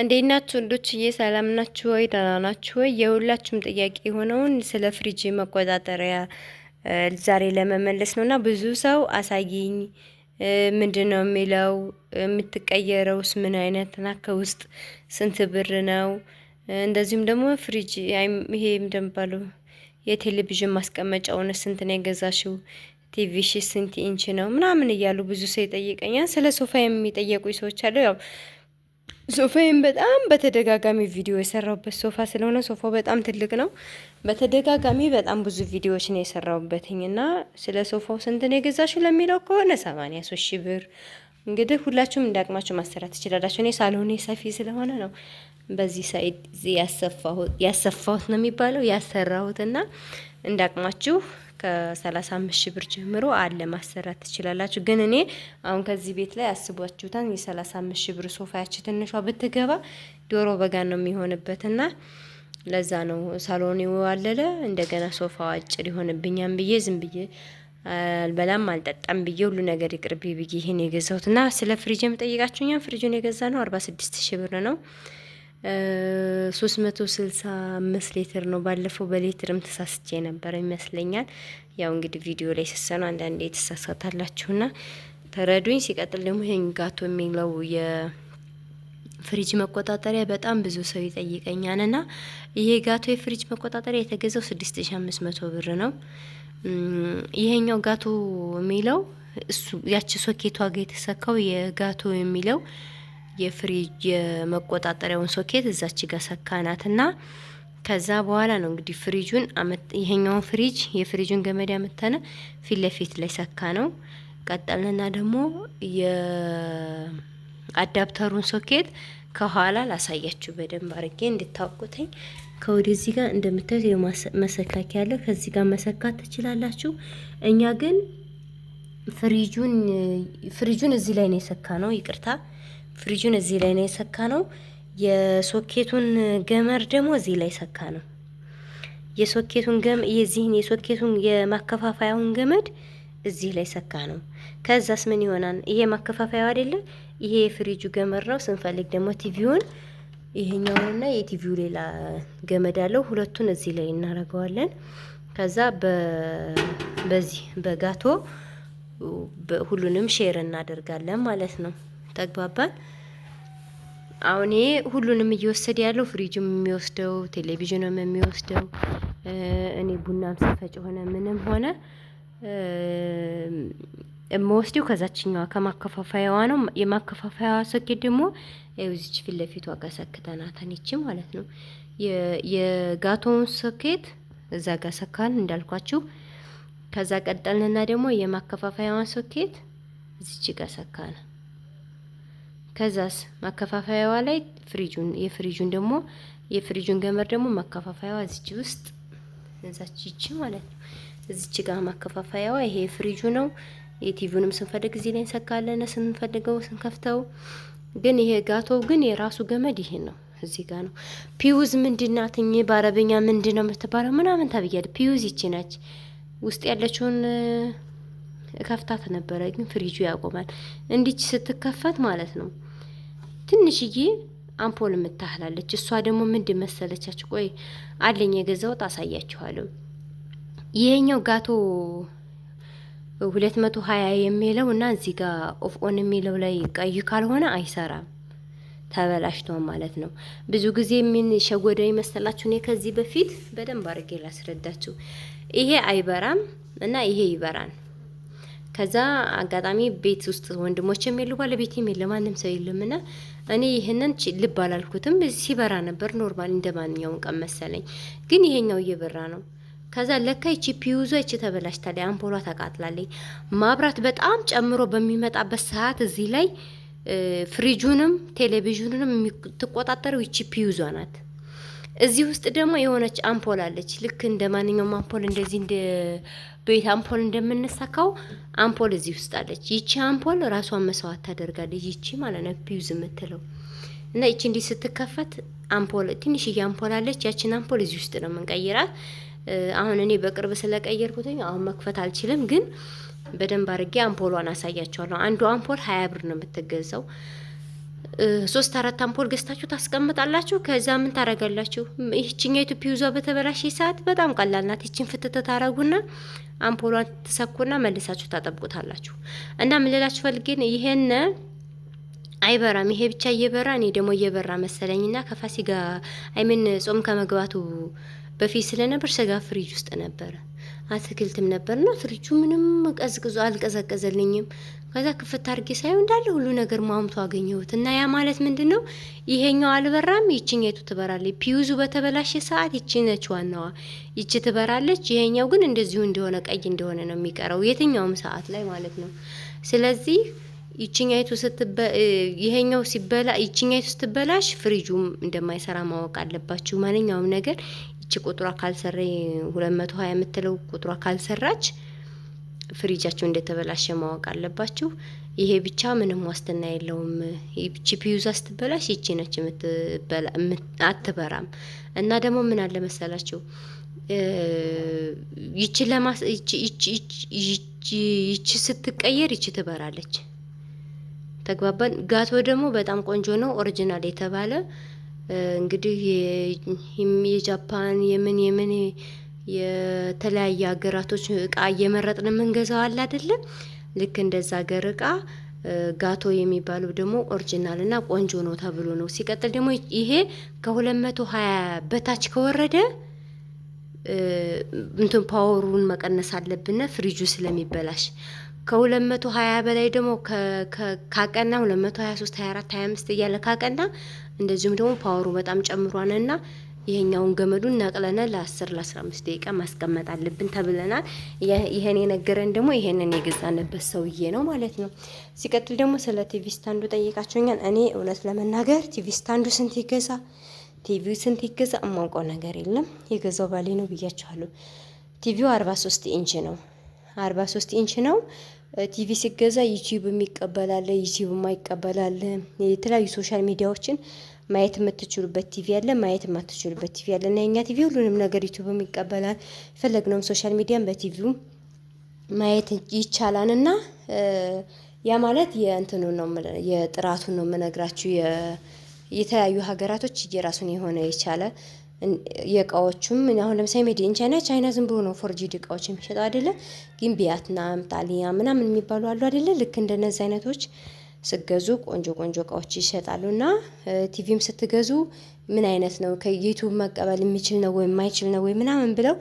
እንዴት ናችሁ እንዶችዬ? ሰላም ናችሁ ወይ? ደህና ናችሁ ወይ? የሁላችሁም ጥያቄ የሆነውን ስለ ፍሪጅ መቆጣጠሪያ ዛሬ ለመመለስ ነው እና ብዙ ሰው አሳይኝ ምንድን ነው የሚለው የምትቀየረውስ ምን አይነት ና ከውስጥ ስንት ብር ነው? እንደዚሁም ደግሞ ፍሪጅ ይሄ እንደሚባለው የቴሌቪዥን ማስቀመጫውን ስንት ነው የገዛሽው? ቲቪ ሺ ስንት ኢንች ነው ምናምን እያሉ ብዙ ሰው ይጠይቀኛል። ስለ ሶፋ የሚጠየቁ ሰዎች አለው ያው ሶፋዬን በጣም በተደጋጋሚ ቪዲዮ የሰራሁበት ሶፋ ስለሆነ ሶፋው በጣም ትልቅ ነው። በተደጋጋሚ በጣም ብዙ ቪዲዮዎች ነው የሰራሁበትኝ እና ስለ ሶፋው ስንት ነው የገዛሽው ለሚለው ከሆነ ሰማንያ ሶስት ሺህ ብር። እንግዲህ ሁላችሁም እንዳቅማችሁ ማሰራት ትችላላችሁ። እኔ ሳሎን ሰፊ ስለሆነ ነው በዚህ ሳይድ ያሰፋሁት ነው የሚባለው ያሰራሁትና እንዳቅማችሁ ከሰላሳ አምስት ሺህ ብር ጀምሮ አለ ማሰራት ትችላላችሁ። ግን እኔ አሁን ከዚህ ቤት ላይ አስቧችሁታን የሰላሳ አምስት ሺህ ብር ሶፋያች ትንሿ ብትገባ ዶሮ በጋ ነው የሚሆንበትና ለዛ ነው ሳሎን ይዋለለ እንደገና ሶፋ አጭር ይሆንብኛም ብዬ ዝም ብዬ አልበላም አልጠጣም ብዬ ሁሉ ነገር ይቅርብ ብዬ የገዛሁት የገዛሁትና ስለ ፍሪጅ የምጠይቃችሁኛን ፍሪጁን የገዛ ነው አርባ ስድስት ሺህ ብር ነው። 365 ሊትር ነው። ባለፈው በሌትርም ተሳስቼ ነበረ ይመስለኛል። ያው እንግዲህ ቪዲዮ ላይ ስሰኑ አንዳንዴ የተሳሳታላችሁና ተረዱኝ። ሲቀጥል ደግሞ ይሄን ጋቶ የሚለው የፍሪጅ መቆጣጠሪያ በጣም ብዙ ሰው ይጠይቀኛል እና ይሄ ጋቶ የፍሪጅ መቆጣጠሪያ የተገዛው 6500 ብር ነው። ይሄኛው ጋቶ የሚለው እሱ ያቺ ሶኬቷ ጋር የተሰካው የጋቶ የሚለው የፍሪጅ የመቆጣጠሪያውን ሶኬት እዛች ጋር ና ከዛ በኋላ ነው እንግዲህ ፍሪጁን ይሄኛውን ፍሪጅ የፍሪጁን ገመድ ያመተነ ፊት ለፊት ላይ ሰካ ነው። ቀጠልንና ደግሞ የአዳፕተሩን ሶኬት ከኋላ ላሳያችሁ በደንብ አርጌ እንድታውቁትኝ። ከወደዚህ ጋር እንደምታዩት መሰካኪ ያለ ከዚህ ጋር መሰካት ትችላላችሁ። እኛ ግን ፍሪጁን ፍሪጁን እዚህ ላይ ነው የሰካ ነው። ይቅርታ ፍሪጁን እዚህ ላይ ነው የሰካ ነው። የሶኬቱን ገመድ ደግሞ እዚህ ላይ ሰካ ነው። የሶኬቱን ገመድ የዚህን የሶኬቱን የማከፋፈያውን ገመድ እዚህ ላይ ሰካ ነው። ከዛስ ምን ይሆናል? ይሄ ማከፋፈያው አይደለም፣ ይሄ የፍሪጁ ገመድ ነው። ስንፈልግ ደግሞ ቲቪውን ይሄኛውንና የቲቪው ሌላ ገመድ አለው። ሁለቱን እዚህ ላይ እናደርገዋለን። ከዛ በዚህ በጋቶ ሁሉንም ሼር እናደርጋለን ማለት ነው። ተግባባን። አሁን ይሄ ሁሉንም እየወሰደ ያለው ፍሪጅም የሚወስደው ቴሌቪዥንም የሚወስደው እኔ ቡናም ስፈጭ ሆነ ምንም ሆነ የምወስደው ከዛችኛዋ ከማከፋፈያዋ ነው። የማከፋፈያዋ ሶኬት ደግሞ ዚች ፊት ለፊቷ ጋር ሰክተናታን ይቺ ማለት ነው። የጋቶውን ሶኬት እዛ ጋር ሰካን እንዳልኳችሁ። ከዛ ቀጠልንና ደግሞ የማከፋፈያዋን ሶኬት እዚች ጋር ሰካነ። ከዛስ ማከፋፈያዋ ላይ ፍሪጁን የፍሪጁን ደግሞ የፍሪጁን ገመድ ደግሞ ማከፋፈያዋ እዚች ውስጥ እዛች ይቺ ማለት ነው። እዚች ጋር ማከፋፈያዋ ይሄ ፍሪጁ ነው። የቲቪውንም ስንፈልግ እዚህ ላይ እንሰካለን። ስንፈልገው ስንከፍተው ግን ይሄ ጋቶው ግን የራሱ ገመድ ይሄ ነው። እዚህ ጋር ነው ፒውዝ ምንድናት? እኚ በአረበኛ ምንድን ነው የምትባለው? ምናምን ታብያለ ፒውዝ ይቺ ነች። ውስጥ ያለችውን ከፍታት ነበረ፣ ግን ፍሪጁ ያቆማል። እንዲች ስትከፈት ማለት ነው ትንሽዬ አምፖል የምታህላለች እሷ ደግሞ ምንድ መሰለቻችሁ? ቆይ አለኝ የገዛሁት አሳያችኋለሁ። ይሄኛው ጋቶ ሁለት መቶ ሀያ የሚለው እና እዚህ ጋር ኦፍ ኦን የሚለው ላይ ቀይ ካልሆነ አይሰራም፣ ተበላሽቶ ማለት ነው። ብዙ ጊዜ ምን ሸጎዳ ይመስላችሁ? እኔ ከዚህ በፊት በደንብ አድርጌ ላስረዳችሁ። ይሄ አይበራም እና ይሄ ይበራል። ከዛ አጋጣሚ ቤት ውስጥ ወንድሞችም የሉ ባለቤቴም የለ ማንም ሰው የለምና እኔ ይህንን ልብ አላልኩትም። ሲበራ ነበር ኖርማል እንደ ማንኛውም ቀን መሰለኝ። ግን ይሄኛው እየበራ ነው። ከዛ ለካ ይቺ ፒዩዞ ይቺ ተበላሽታለች፣ አምፖሏ ታቃጥላለች። ማብራት በጣም ጨምሮ በሚመጣበት ሰዓት እዚህ ላይ ፍሪጁንም ቴሌቪዥኑንም የምትቆጣጠረው ይቺ ፒዩዟ ናት። እዚህ ውስጥ ደግሞ የሆነች አምፖል አለች። ልክ እንደ ማንኛውም አምፖል እንደዚህ እንደ ቤት አምፖል እንደምንሰካው አምፖል እዚህ ውስጥ አለች። ይቺ አምፖል ራሷን መስዋዕት ታደርጋለች። ይቺ ማለት ነው ቢዩዝ የምትለው እና ይቺ እንዲህ ስትከፈት አምፖል ትንሽዬ አምፖል አለች። ያችን አምፖል እዚህ ውስጥ ነው የምንቀይራት። አሁን እኔ በቅርብ ስለቀየርኩት አሁን መክፈት አልችልም፣ ግን በደንብ አድርጌ አምፖሏን አሳያቸዋለሁ። አንዱ አምፖል ሀያ ብር ነው የምትገዛው። ሶስት አራት አምፖል ገዝታችሁ ታስቀምጣላችሁ። ከዛ ምን ታረጋላችሁ? ይህችኛይቱ ፒውዟ በተበላሽ ሰዓት በጣም ቀላል ናት። ይችን ፍትተ ታረጉና አምፖሏን ትሰኩና መልሳችሁ ታጠብቁታላችሁ። እና ምን ልላችሁ ፈልጌን ይሄን አይበራም። ይሄ ብቻ እየበራ እኔ ደግሞ እየበራ መሰለኝና ከፋሲካ አይምን ጾም ከመግባቱ በፊት ስለነበር ስጋ ፍሪጅ ውስጥ ነበረ አትክልትም ነበር ና ፍሪጁ ምንም ቀዝቅዞ አልቀዘቀዘልኝም። ከዛ ክፍት አድርጌ ሳይሆን እንዳለ ሁሉ ነገር ማምቶ አገኘሁት እና ያ ማለት ምንድን ነው? ይሄኛው አልበራም፣ ይችኛቱ ትበራለች። ፒዩዙ በተበላሸ ሰዓት ይቺ ነች ዋናዋ፣ ይቺ ትበራለች። ይሄኛው ግን እንደዚሁ እንደሆነ ቀይ እንደሆነ ነው የሚቀረው የትኛውም ሰዓት ላይ ማለት ነው። ስለዚህ ይችኛይቱ ይሄኛው ሲበላ ይችኛይቱ ስትበላሽ ፍሪጁም እንደማይሰራ ማወቅ አለባችሁ። ማንኛውም ነገር እቺ ቁጥሯ ካልሰራ ሁለት መቶ ሀያ የምትለው ቁጥሯ ካልሰራች ፍሪጃችሁ እንደተበላሸ ማወቅ አለባችሁ። ይሄ ብቻ ምንም ዋስትና የለውም። ይቺ ፒዩዛ ስትበላሽ ይቺ ነች አትበራም። እና ደግሞ ምን አለ መሰላችሁ ይቺ ለማስ ይቺ ስትቀየር ይቺ ትበራለች። ተግባባን። ጋቶ ደግሞ በጣም ቆንጆ ነው ኦሪጂናል የተባለ እንግዲህ የጃፓን የምን የምን የተለያየ ሀገራቶች እቃ እየመረጥን የምንገዛው አለ አይደለም። ልክ እንደዛ ሀገር እቃ ጋቶ የሚባለው ደግሞ ኦሪጂናል እና ቆንጆ ነው ተብሎ ነው። ሲቀጥል ደግሞ ይሄ ከሁለት መቶ ሀያ በታች ከወረደ እንትን ፓወሩን መቀነስ አለብን ፍሪጁ ስለሚበላሽ። ከሁለት መቶ ሀያ በላይ ደግሞ ካቀና ሁለት መቶ ሀያ ሶስት ሀያ አራት ሀያ አምስት እያለ ካቀና እንደዚሁም ደግሞ ፓወሩ በጣም ጨምሯንና ይሄኛውን ገመዱን ነቅለነ ለ10 ለ15 ደቂቃ ማስቀመጥ አለብን ተብለናል። ይሄን የነገረን ደግሞ ይሄንን የገዛንበት ሰውዬ ነው ማለት ነው። ሲቀጥል ደግሞ ስለ ቲቪ ስታንዱ ጠይቃቸውኛል። እኔ እውነት ለመናገር ቲቪ ስታንዱ ስንት ይገዛ ቲቪው ስንት ይገዛ እማውቀው ነገር የለም። የገዛው ባሌ ነው ብያችኋለሁ። ቲቪው 43 ኢንች ነው። አርባ ሶስት ኢንች ነው። ቲቪ ሲገዛ ዩቲዩብ የሚቀበላለ ዩቲዩብ የማይቀበላለ የተለያዩ ሶሻል ሚዲያዎችን ማየት የምትችሉበት ቲቪ አለ፣ ማየት የማትችሉበት ቲቪ አለ እና የኛ ቲቪ ሁሉንም ነገር ዩቲዩብም ይቀበላል። የፈለግነውም ሶሻል ሚዲያን በቲቪው ማየት ይቻላል እና ያ ማለት የእንትኑ ነው የጥራቱን ነው የምነግራችሁ። የተለያዩ ሀገራቶች የራሱን የሆነ የቻለ የእቃዎቹም አሁን ለምሳሌ ሜድ ኢን ቻይና ቻይና ዝም ብሎ ነው ፎርጂድ እቃዎች የሚሸጠው አይደለ? ግን ቪየትናም፣ ጣሊያ ምናምን የሚባሉ አሉ አይደለ? ልክ እንደነዚህ አይነቶች ስገዙ ቆንጆ ቆንጆ እቃዎች ይሸጣሉ። እና ቲቪም ስትገዙ ምን አይነት ነው ከዩቱብ መቀበል የሚችል ነው ወይም የማይችል ነው ወይ ምናምን ብለው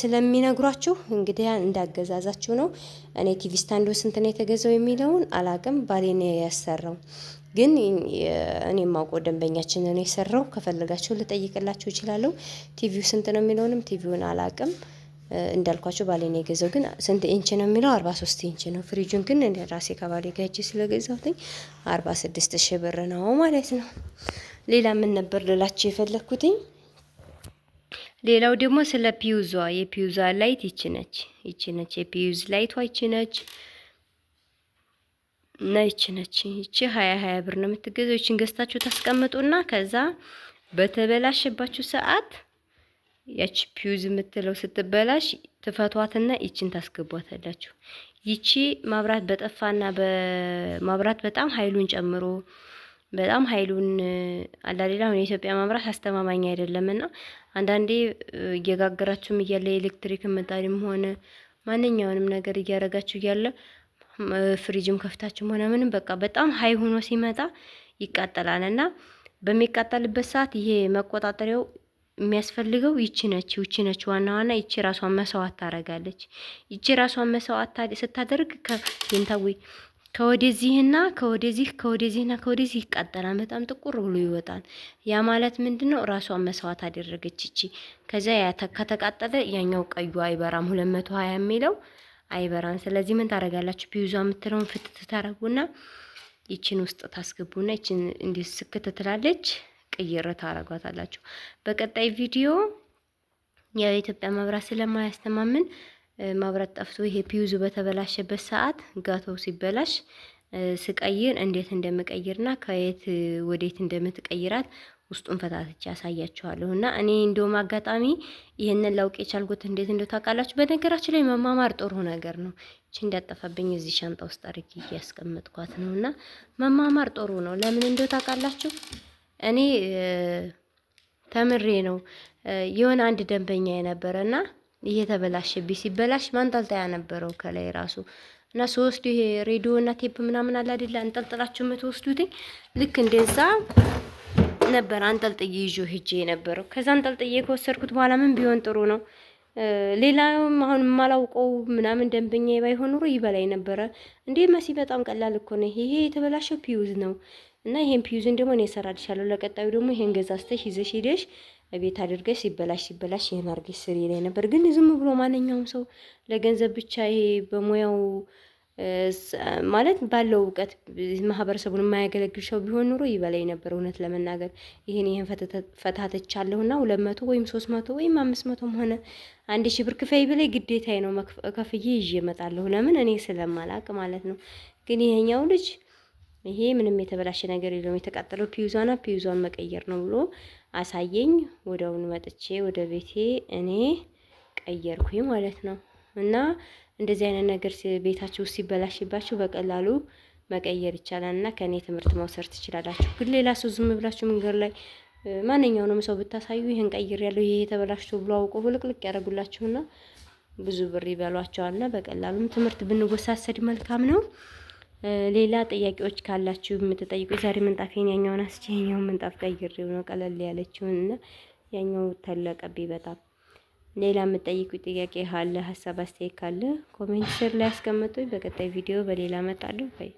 ስለሚነግሯችሁ እንግዲህ እንዳገዛዛችሁ ነው። እኔ ቲቪ ስታንዶ ስንት ነው የተገዛው የሚለውን አላቅም። ባሌ ነው ያሰራው። ግን እኔ የማውቀው ደንበኛችንን የሰራው ከፈለጋችሁ ልጠይቅላችሁ እችላለሁ። ቲቪው ስንት ነው የሚለውንም ቲቪውን አላቅም እንዳልኳቸው ባሌ ነው የገዛው ግን ስንት ኢንች ነው የሚለው አርባ ሶስት ኢንች ነው። ፍሪጁን ግን እኔ ራሴ ከባሌ ጋር ሄጄ ስለገዛሁትኝ አርባ ስድስት ሺህ ብር ነው ማለት ነው። ሌላ ምን ነበር ልላችሁ የፈለግኩትኝ? ሌላው ደግሞ ስለ ፒዩዟ የፒዩዟ ላይት ይች ነች ይች ነች የፒዩዝ ላይቷ ይች ነች። እና ይቺ ነች። ይቺ ሀያ ሀያ ብር ነው የምትገዘው። ይቺን ገዝታችሁ ታስቀምጡና ከዛ በተበላሸባችሁ ሰዓት ያቺ ፒውዝ የምትለው ስትበላሽ ትፈቷትና ይቺን ታስገቧታላችሁ። ይቺ ማብራት በጠፋና በማብራት በጣም ኃይሉን ጨምሮ በጣም ኃይሉን አላሌላ አሁን የኢትዮጵያ ማብራት አስተማማኝ አይደለምና አንዳንዴ እየጋገራችሁም እያለ የኤሌክትሪክ ምጣድም ሆነ ማንኛውንም ነገር እያረጋችሁ እያለ ፍሪጅም ከፍታችሁ ሆነ ምንም በቃ በጣም ሀይ ሆኖ ሲመጣ ይቃጠላል እና በሚቃጠልበት ሰዓት ይሄ መቆጣጠሪያው የሚያስፈልገው ይቺ ነች ይቺ ነች ዋና ዋና ይቺ ራሷን መስዋዕት ታደርጋለች። ይቺ ራሷን መስዋዕት ስታደርግ ከንታዊ ከወደዚህና ከወደዚህ ከወደዚህና ከወደዚህ ይቃጠላል። በጣም ጥቁር ብሎ ይወጣል። ያ ማለት ምንድን ነው? ራሷን መስዋዕት አደረገች ይቺ። ከዚያ ከተቃጠለ ያኛው ቀዩ አይበራም። ሁለት መቶ ሀያ የሚለው አይበራም። ስለዚህ ምን ታደርጋላችሁ? ፒዩዟ የምትለውን ፍትት ታረጉና ይችን ውስጥ ታስገቡና ይችን እንዲህ ስክት ትላለች፣ ቅይር ታደርጓታላችሁ። በቀጣይ ቪዲዮ የኢትዮጵያ መብራት ስለማያስተማምን መብራት ጠፍቶ ይሄ ፒዩዙ በተበላሸበት ሰዓት ጋቶ ሲበላሽ ስቀይር እንዴት እንደምቀይርና ከየት ወዴት እንደምትቀይራት ውስጡን ፈታትቼ ያሳያችኋለሁ። እና እኔ እንደውም አጋጣሚ ይህንን ላውቅ የቻልኩት እንዴት እንደው ታውቃላችሁ? በነገራችን ላይ መማማር ጥሩ ነገር ነው። እቺ እንዳጠፋብኝ እዚህ ሻንጣ ውስጥ አድርጌ እያስቀመጥኳት ነው። እና መማማር ጥሩ ነው። ለምን እንደው ታውቃላችሁ? እኔ ተምሬ ነው የሆነ አንድ ደንበኛ የነበረ እና እየተበላሸብኝ ሲበላሽ ማንጠልጠያ ነበረው ከላይ ራሱ እና ሶስቱ ይሄ ሬዲዮ እና ቴፕ ምናምን አለ አይደለ? አንጠልጥላችሁ የምትወስዱትኝ ልክ እንደዛ ነበር አንጠልጥዬ ይዞ ሂጄ የነበረው። ከዛ አንጠልጥዬ ከወሰድኩት በኋላ ምን ቢሆን ጥሩ ነው ሌላም አሁን የማላውቀው ምናምን ደንበኛ ባይሆን ኑሮ ይበላይ ነበረ። እንዴ መሲ በጣም ቀላል እኮ ነው። ይሄ የተበላሸው ፒዩዝ ነው እና ይሄን ፒዩዝን ደግሞ እኔ እሰራልሻለሁ። ለቀጣዩ ደግሞ ይሄን ገዛዝተሽ ይዘሽ ሄደሽ ቤት አድርገሽ ሲበላሽ ሲበላሽ ይሄን አድርገሽ ስሪ ላይ ነበር። ግን ዝም ብሎ ማንኛውም ሰው ለገንዘብ ብቻ ይሄ በሙያው ማለት ባለው እውቀት ማህበረሰቡን የማያገለግል ሰው ቢሆን ኑሮ ይበላይ ነበር። እውነት ለመናገር ይህን ይህን ፈታተቻለሁና ሁለት መቶ ወይም ሶስት መቶ ወይም አምስት መቶም ሆነ አንድ ሺህ ብር ክፈይ ብላይ ግዴታዬ ነው ከፍዬ ይዤ እመጣለሁ። ለምን እኔ ስለማላቅ ማለት ነው። ግን ይሄኛው ልጅ ይሄ ምንም የተበላሸ ነገር የለውም የተቃጠለው ፒዩዛና ፒዩዛን መቀየር ነው ብሎ አሳየኝ። ወደውን መጥቼ ወደ ቤቴ እኔ ቀየርኩኝ ማለት ነው እና እንደዚህ አይነት ነገር ቤታችሁ ሲበላሽባችሁ በቀላሉ መቀየር ይቻላል እና ከእኔ ትምህርት መውሰድ ትችላላችሁ። ግን ሌላ ሰው ዝም ብላችሁ መንገድ ላይ ማንኛውንም ሰው ብታሳዩ ይህን ቀይር ያለው ይሄ የተበላሽቶ ብሎ አውቆ ብልቅልቅ ያደረጉላችሁና ብዙ ብር ይበሏቸዋልና በቀላሉም ትምህርት ብንወሳሰድ መልካም ነው። ሌላ ጥያቄዎች ካላችሁ የምትጠይቁ ዛሬ ምንጣፌን ያኛውን አስቼ ያኛውን ምንጣፍ ቀይሬው ነው ቀለል ያለችውን እና ያኛው ተለቀቤ በጣም ሌላ የምጠይቁ ጥያቄ ካለ ሀሳብ አስተያየት ካለ ኮሜንት ስር ላይ አስቀምጡኝ። በቀጣይ ቪዲዮ በሌላ እመጣለሁ። ባይ